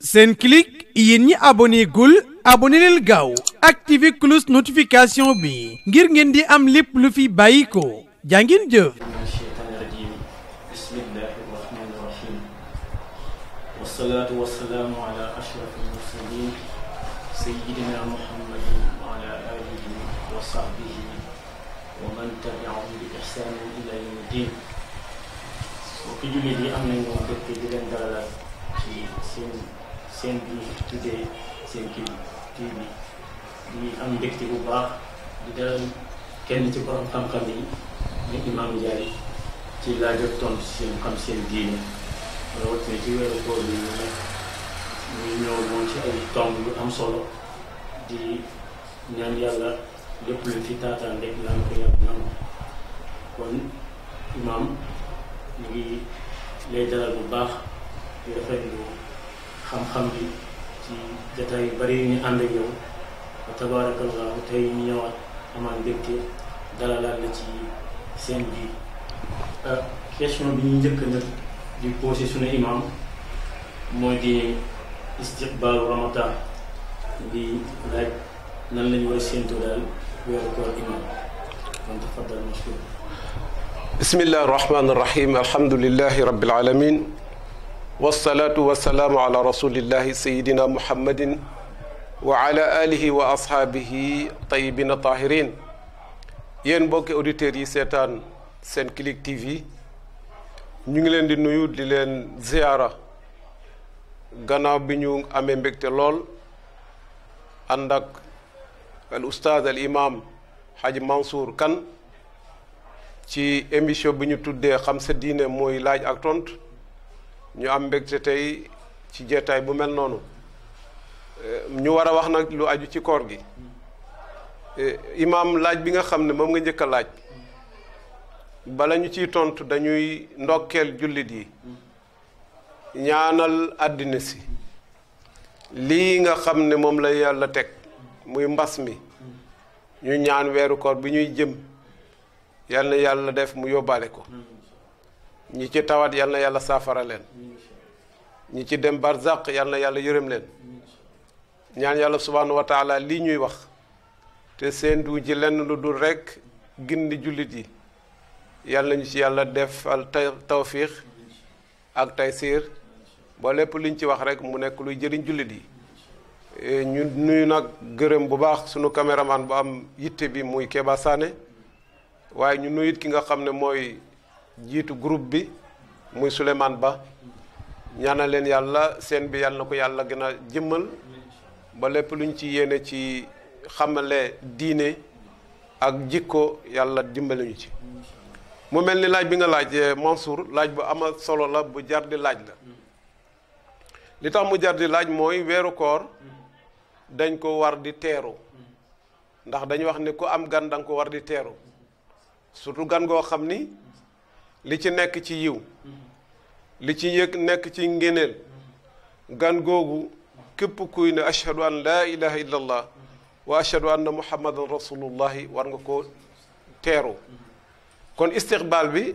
Senclic yéen ñi abonné gul abonné leen gaaw activé cloche notification bi ngir ngeen di am lépp lu fi bàyyi ko jàngin jëf bismillahi rahmani rahim wasalaatu wasalaamu ala ashraf almursalin sayidina muhammadin wa ala alihi wa sahbihi wa man tabiahum bi ihsanin ila yawmi din mbokki jullit yi am nañ moom dëkk di leen dalal ci seen seen bi ñu tuddee seen kii bi bi di am mbégte bu baax di dalal kenn ci borom xam-xam yi ñu Imam Ndiaye ci laaj ak tontu seen xam seen diine rawatina ci weeru koor bi ñu nekk ñu ñëw moom ci ay tomb yu am solo di ñaan yàlla lépp lu fi taataan rek naan ko yàlla nangu kon imam ngi lay dalal bu baax di rafetlu xam-xam bi ci jataay yu bari yu ñu ànd ak yow wa tabaarakallaahu tey ñu ñëwaat amaan mbégte dalalaat la ci seen biir euh, bi ñu njëkk nag di posé suñu imam mooy di istiqbaalu ramadan di laaj nan lañu war a imam kon tafaddal mashkur bismillahi rahmaani rahim alhamdulilahi rabbil alamin wasalaatu wasalaamu ala rasulillahi sayidina muhammadin wa ala alihi wa ashaabihi tayibina tahirin yéen mbokki auditeurs yi seetaan seen Senclic TV ñu ngi leen di nuyu di leen ziyaara gannaaw bi ñu amee mbégte lool ànd ak al oustaz al imam Haji Mansour Kane ci émission bi ñu tuddee xam sa diine mooy laaj ak tontu. ñu am mbégte tey ci jeetaay bu mel noonu eh, ñu war a wax nag lu aju ci koor gi eh, imaam laaj bi nga xam ne moom nga njëkk a laaj bala ñu ciy tontu dañuy ndokkeel jullit yi ñaanal àddina si lii nga xam ne moom la yàlla teg muy mbas mi ñu ñaan weeru koor bi ñuy jëm yal na yàlla def mu yóbbaale ko ñi ci tawat yal na yàlla saafara leen ñi ci dem barzaq yal na yàlla yërëm leen ñaan yàlla subhaanahu wa lii ñuy wax te seen du ci lenn lu dul rekk gindi jullit yi yàlla nañu ci yàlla defal tawfiix ak taysiir ba lépp liñ ci wax rekk mu nekk luy jëriñ jullit yi e, ñu nuyu nag gërëm bu baax sunu caméraman bu am yitte bi muy Keba Sané waaye ñu nuyut ki nga xam ne mooy jiitu groupe bi muy Souleymane Ba ñaanal leen yàlla seen bi yàlla na ko yàlla gën a jëmmal ba lépp luñ ci yéene ci xamale diine ak jikko yàlla dimbali ñu ci mu mel ni laaj bi nga laaj eh, Mansour laaj bu am ama solo la bu jar di laaj la li tax mu jar di laaj mooy weeru koor dañ ko war di teeru ndax dañu wax ni ku am gan danga ko war di teeru surtout gan goo xam ni li ci nekk ci yiw li ci yëg nekk ci ngéneel gan googu képp kuy ne ashhadu an laa ilaha illa wa ashhadu muhammadan rasulullahi war nga ko teeru kon istiqbaal bi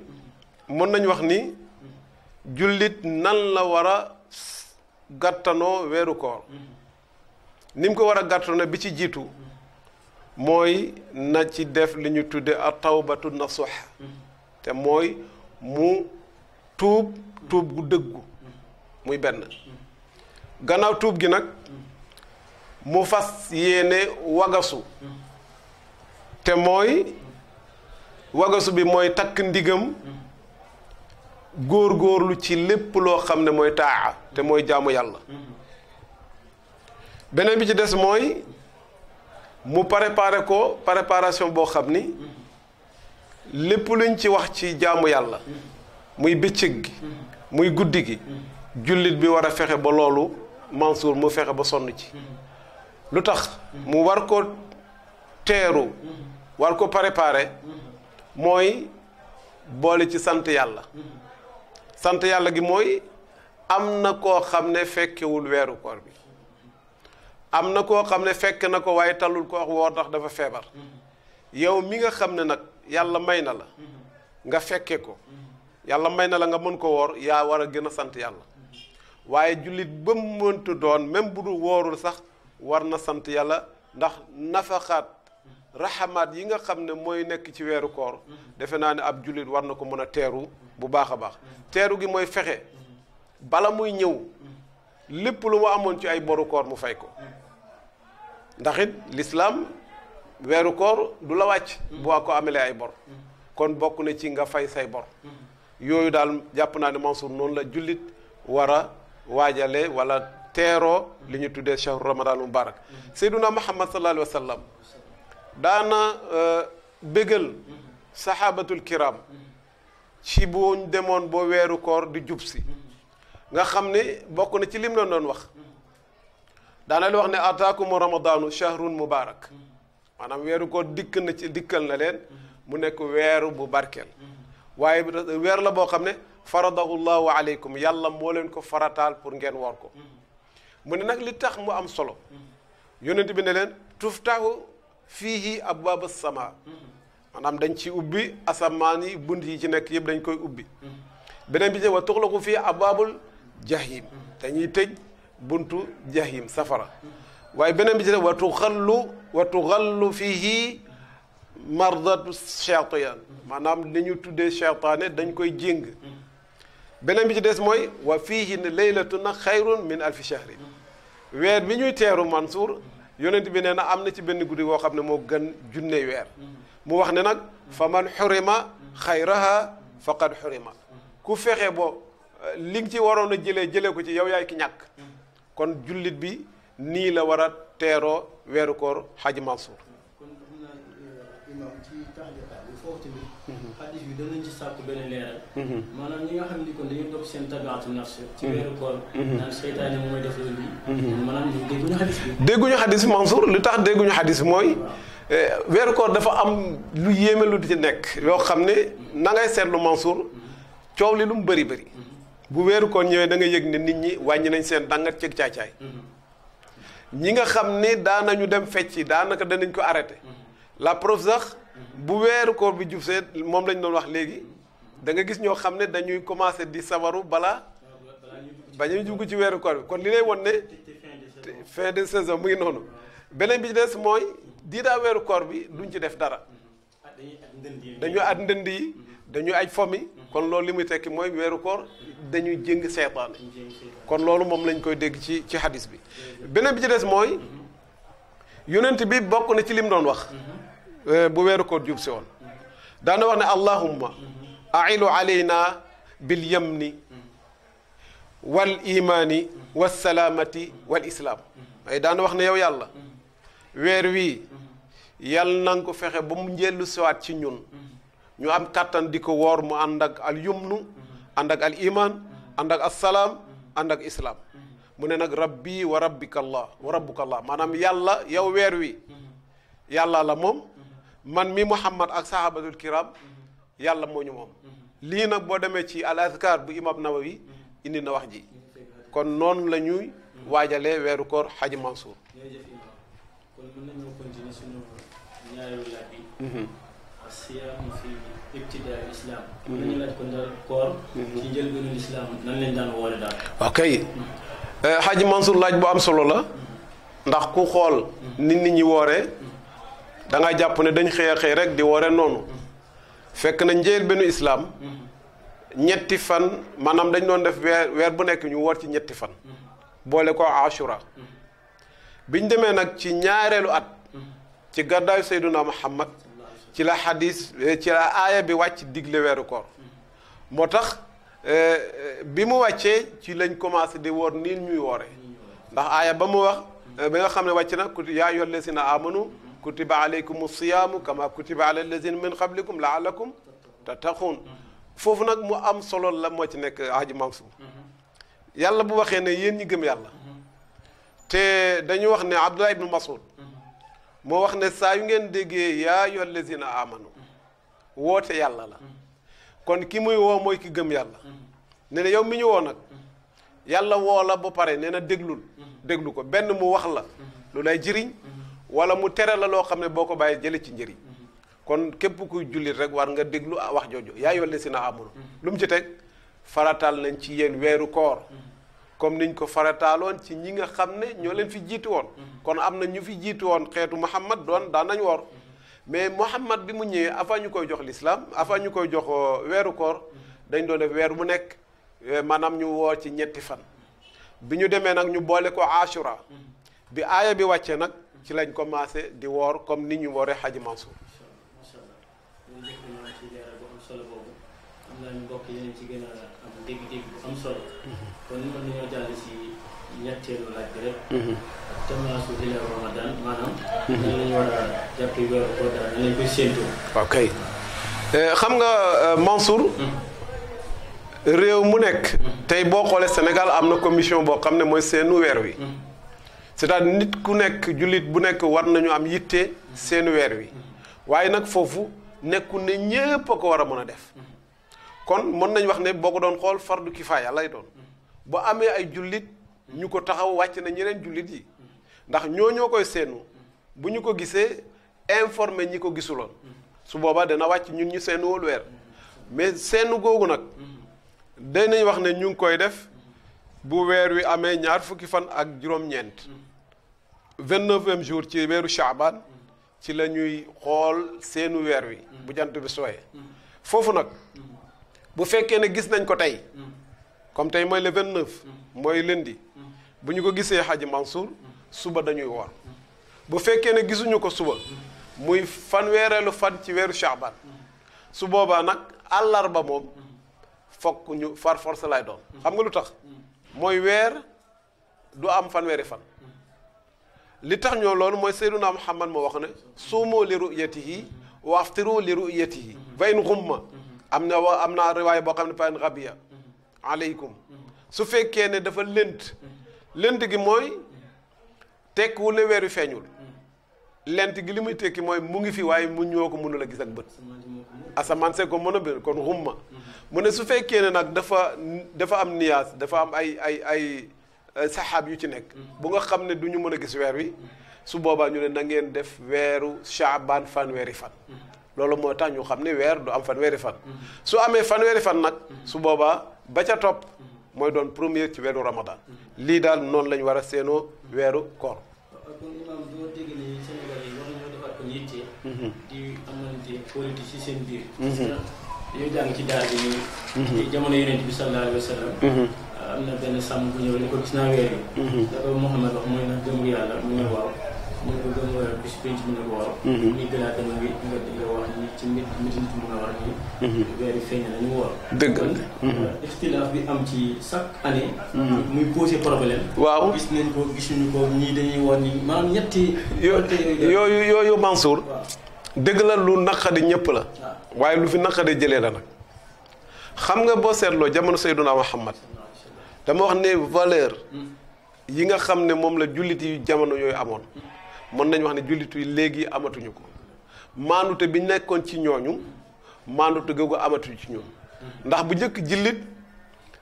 mën nañ wax ni jullit nan la war a gàttanoo weeru koor ni mu ko war a gàttanoo bi ci jiitu mooy na ci def li ñu tudde a tawbatu nasuh te mooy mu tuub tuub gu dëggu muy benn gannaaw tuub gi nag mu fas yéene wagasu te mooy wagasu bi mooy takk ndigam góorgóorlu ci lépp loo xam ne mooy taaxa te mooy jaamu yàlla beneen bi ci des mooy mu préparé ko préparation boo xam ni lépp luñ ci wax ci jaamu yàlla muy bëccëg gi muy guddi gi jullit bi war a fexe ba loolu Mansour mu fexe ba sonn ci lu tax mu war ko teeru war ko préparer mooy boole ci sant yàlla sant yàlla gi mooy am na koo xam ne fekkewul weeru koor bi am na koo xam ne fekk na ko waaye talul ko wax woo tax dafa feebar yow mi nga xam ne nag yàlla may na la nga fekke ko yàlla may na la nga mën ko woor yaa war a gën a sant yàlla waaye jullit ba mu mënta doon même bu dul woorul sax war na sant yàlla ndax nafaxaat raxamaat yi nga xam ne mooy nekk ci weeru koor defe naa ne ab jullit war na ko mën a teeru bu baax a baax teeru gi mooy fexe bala muy ñëw lépp lu mu amoon ci ay boru koor mu fay ko ndax lislaam weeru koor du la wàcc boo ko amalee ay bor kon bokk na ci nga fay say bor yooyu daal jàpp naa ne Mansour noonu la jullit war a waajale walla teeroo li ñu tuddee shahru ramadan mubarak seyduna muhammad sallallahu alayhi wa sallam daana euh, bégal saxaabatul kiram ci boo demoon ba weeru koor di jub si nga xam ne bokk na ci lim la doon wax daana li wax ne ataakumu ramadanu shahrun mubarak maanaam weeru koor dikk na ci dikkal na leen mu nekk weeru bu barkeel waaye weer la boo xam ne faradahu llahu aleykum yàlla moo leen ko farataal pour ngeen woor ko mu ne nag li tax mu am solo yonent bi ne leen tuftahu fiihi abwaaba sama maanaam dañ ci ubbi asamaan yi bunt yi ci nekk yëpp dañ koy ubbi beneen bi ci la ko fii abwaabul jahim dañuy tëj buntu jahim safara waaye beneen bi ci def wa tuxallu wa tuxallu fihi mardatu cheytaan maanaam ni ñu tuddee cheytaane dañ koy jéng beneen bi ci des mooy fii wa fiihi laylatuna xayrun min alfi shahrin weer bi ñuy teeru Mansour yonent bi nee na am na ci benn guddi goo xam ne moo gën junne weer mu wax ne nag fa man xurima xayraha faqad xurima ku fexe bo li ci waroon a jëlee jëlee ko ci yow yaay ki ñàkk kon jullit bi nii la war a teeroo weeru koor xaj Mansour. kon euh, imam foofu tamit. xadis mhm. bi danañ ci sàkk mhm. maanaam ñi seen tagaatu nafs ci mhm. dégguñu xadis bi. dégguñu li tax dégguñu xadis mooy. Euh, weeru koor dafa am lu yéeme lu di ci nekk yoo xam ne na ngay seetlu Mansour coow li lu mu bëri bëri. bu weeru koor ñëwee da nga yëg ne nit ñi wàññi nañ seen dàngat ceeg caay-caay. ñi nga xam ni ne daanañu dem fecc fecci daanaka danañ ko arrêté mm-hmm. la preuve sax mm-hmm. bu weeru koor bi jub see moom lañ doon wax léegi mm-hmm. da nga gis ñoo xam ne dañuy commencé di sawaru bala ah, bañuy dugg ci weeru koor bi kon li lay won ne fin de saison mu ngi noonu ah. beneen bi ci des mooy diidaa weeru koor bi duñ ci def dara ah, dañuy at ndënd yi dañuy aj fomi mhm. kon loolu li muy mooy weeru koor dañuy jëng seetaane kon loolu moom lañ koy dégg ci ci xadis bi beneen bi ci des mooy mhm. yonent bi bokk na ci lim doon wax mhm. euh, bu weeru koor jub si woon daana wax ne allahumma ailu alayna bil yamni wal imaani wal salaamati wal islaam ay daana wax ne yow yàlla weer wii yàlla na ko fexe ba mu njëllu siwaat ci ñun ñu am kàttan di ko woor mu ànd ak al yumnu ànd ak al iman ànd ak assalaam ànd ak islaam mu ne nag rabbi wa rabbika allah wa rabbuka maanaam yàlla yow weer wi yàlla la moom man mi muhammad ak sahabatul kiram yàlla moo ñu moom lii nag boo demee ci al azkar bu imam nawawi indi na wax ji kon noonu la ñuy waajalee weeru ko xaji mansour kon siyaam fi ibtidaa islam. Mm-hmm. ñu laaj ko mm-hmm. woore daal. ok Xaaji mm-hmm. eh, Mansour laaj bu am solo la. ndax ku xool nit nit ñi woore da jàpp ne dañ xëy a xëy rek di woore noonu. fekk na njëlbéenu islaam ñetti fan maanaam dañ doon def weer weer bu nekk ñu woor ci ñetti fan. boole ko Ashura. biñ demee nag ci ñaareelu at. ci gàddaayu Seyduna Muhammad ci la xadis eh, ci la aaya bi wàcc digle weeru koor moo tax eh, bi mu wàccee ci lañ commencé di woor nii ñuy woore ndax aaya ba mu wax eh, ba nga xam ne wàcc na kuti yaa ayyuha llazina amanu kutiba alaykum siyaamu kama kutiba ala allazina la qablikum laalakum tattaqun foofu nag mu am solo la moo ci nekk Hadji Mansour yàlla bu waxee ne yéen ñi gëm yàlla mm-hmm. te dañu wax ne Abdullah ibnu Mas'ud moo wax ne saa yu ngeen déggee yaa yor lazina amanu woote yàlla la kon ki muy woo mooy ki gëm yàlla ne na yow mi ñu woo nag yàlla woo la ba pare nee na déglul déglu ko benn mu wax la lu lay jëriñ wala mu tere la loo xam ne boo ko bàyyi jële ci njëriñ kon képp kuy jullit rek war nga déglu wax jooju yaa yor lazina amanu lu mu ci teg faratal nañ ci yéen weeru koor comme niñ ko farataaloon ci ñi nga xam ne ñoo leen fi jiitu woon kon am na ñu fi jiitu woon xeetu Muhammad doon daan nañ woor mais Muhammad bi mu ñëwee avant ñu koy jox lislaam avant ñu koy jox weeru koor dañ doon def weer bu nekk maanaam ñu woor ci ñetti fan bi ñu demee nag ñu boole ko Ashura bi aaya bi wàccee nag ci lañ commencé di woor comme ni ñu wooree xaji Mansour am na dégg-dégg bu am solo. Mm-hmm. kon mën nañoo jàll si ñetteelu laaj bi rek. Mm-hmm. ak temaasu hilal Ramadan mm-hmm. a jàpp weeru eh, nga euh, Mansour. réew mu nekk. tey boo xoolee Sénégal am na commission boo xam ne mooy seenu weer wi. c'est-à-dire nit ku nekk jullit bu nekk war nañu am yitte seenu weer wi waaye nag foofu nekkul ne ñépp a ko war a mën a def. kon mën nañ wax ne boo ko doon xool fardu kifaaya lay doon bu amee ay jullit ñu ko taxaw wàcc na ñeneen jullit yi ndax ñoo ñoo koy seenu bu ñu ko gisee informé ñi ko gisuloon su boobaa dana wàcc ñun ñu seenu wóolu weer mais seenu googu nag danañ wax ne ñu ngi koy def bu weer wi amee ñaar fukki fan ak juróom-ñeent vingt-neuvième jour ci weeru Shaaban ci la ñuy xool seenu weer wi bu jant bi sooyee foofu nag bu fekkee ne gis nañ ko tey comme tey mooy le vingt neuf mooy lundi bu ñu ko gisee Hadji Mansour suba dañuy woor bu fekkee ne gisuñu ko suba muy fanweereelu fan ci weeru Shaaban su boobaa nag àllarba moom fokk ñu far force lay doon xam nga lu tax mooy weer du am fanweeri fan li tax ñoo loolu mooy Seydunaa Muhammad moo wax ne suumu li ru'yatihi wa aftiru li ru'yatihi fa in ghumma am na wa am naa riwaay boo xam ne pan rabiya mm-hmm. aleykum mm-hmm. su fekkee ne dafa lënt mm-hmm. lënt gi mooy tekkiwul ne weer wi feeñul lent gi li muy tekki mooy mu ngi fi waaye mu ñoo ko mënul a gis ak bët asamaan see ko mën a bir kon xumma mu ne su fekkee ne nag dafa dafa am niyaas dafa am ay ay ay saxaab yu ci nekk bu nga xam ne du ñu mën a gis weer wi su boobaa ñu ne na ngeen def weeru chaabaan fanweeri fan loolu moo tax ñu xam ne weer du am fanweeri fan. Mhm. su amee fanweeri fan nag. Mhm. su boobaa ba ca topp. Mhm. mooy doon première ci weeru Ramadan. lii daal noonu la ñu war a seenoo weeru koor. kon imaam boo dégg ne di amante politique ci seen biir. parce que yow ci daal bi nii. jamono yonent am na benn sàmm bu ñëw ne ko gis naa weer yi. dafa Mouhamed wax mooy nag gëm yàlla mu ne waaw. mën mhm. nga gëm bis ci nit nit mhm. dëgg la mhm. euh, waaw gis nañ ko gisuñu ko ñii dañuy wax ñetti. yooyu yooyu Mansour. la lu naqadi ñëpp la. waaye lu fi naqadi jëlee la nag. xam nga boo seetloo jamono Seydunaa Muhammad dama wax ne valeur. Mm. yi nga xam ne moom la jullit yi jamono yooyu amoon. Mm. mën nañ wax ne jullitu yi léegi amatuñu ko maandute bi nekkoon ci ñooñu maandute googu amatuñu ci ñoom ndax bu njëkk jullit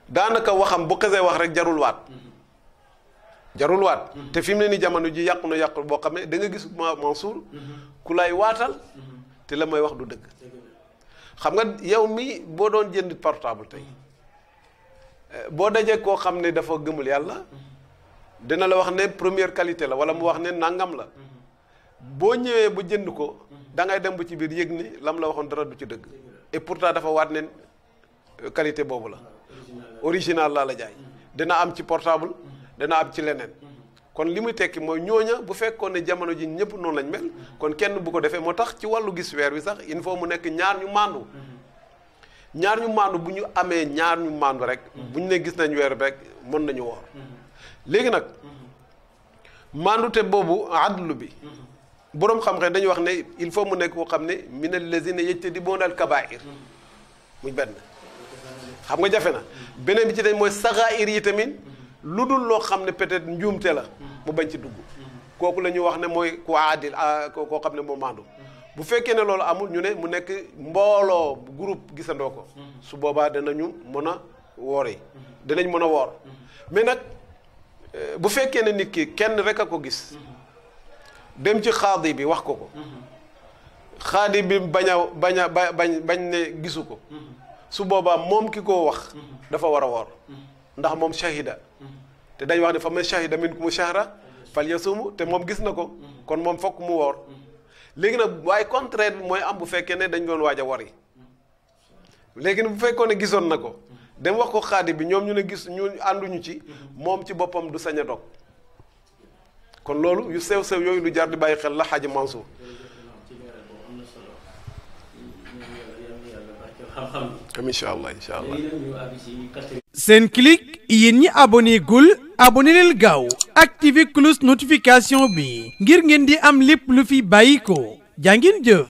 daanaka waxam bu xasee wax rek jarul waat jarul waat te fi mu ne ni jamono ji yàqu na yàqu boo xam ne danga nga gis ma Mansour ku lay waatal te la may wax du dëgg xam nga yow mi boo doon jënd portable tey eh, boo dajee koo xam ne dafa gëmul yàlla dina la wax ne première qualité la wala mu wax ne nangam la boo ñëwee ba jënd ko da ngay dem ba ci biir yëg ni lam la waxoon dara du ci dëgg et pourtant dafa waat ne euh, qualité boobu la original laa la jaay dina am ci portable dina am ci leneen kon li muy tekki mooy ñooña bu fekkoon ne jamono ji ñëpp noonu lañ mel kon kenn bu ko defee moo tax ci wàllu gis weer wi sax il faut mu nekk ñaar ñu màndu ñaar ñu màndu bu ñu amee ñaar ñu màndu rek bu ñu ne gis nañ weer rek mën nañu woor léegi nag mandute boobu adlu bi boroom xam-xam dañuy wax ne il faut mu nekk koo xam ne les yi min allazina yajtanibuuna al kabair mu benn xam nga jafe na beneen bi ci dañ mooy saxaayir yi tamit lu dul loo xam ne peut-être njuumte la mu bañ ci dugg kooku la ñuy wax ne mooy ku aadil ah, koo xam ne moo maandu bu fekkee ne loolu amul ñu ne mu nekk mbooloo groupe gisandoo ko su boobaa dana ñu mën a woor yi danañ mën a woor mais nag bu fekkee ne nit ki kenn rek a ko gis dem ci xaadi bi wax ko ko xaadi bi bañ a bañ bañ bañ ne gisu ko su boobaa moom ki koo wax dafa war a woor ndax moom shahida te dañ wax ne fa man shahida minkum shahra fal yasumu te moom gis na ko kon moom fokk mu woor léegi nag waaye contraire bi mooy am bu fekkee ne dañ doon waaj a wor yi léegi bu fekkoon ne gisoon na ko dem wax ko xaadi bi ñoom ñu ne gis ñu ànduñu ci moom ci boppam du sañ a dog kon loolu yu sew sew yooyu lu jar di bàyyi xel la xaaji Mansour incha allah incha allah seen clic yéen ñi abonné gul abonné leen gaaw activé cloche notification bi ngir ngeen di am lépp lu fi bàyyi ko jaa ngeen jëf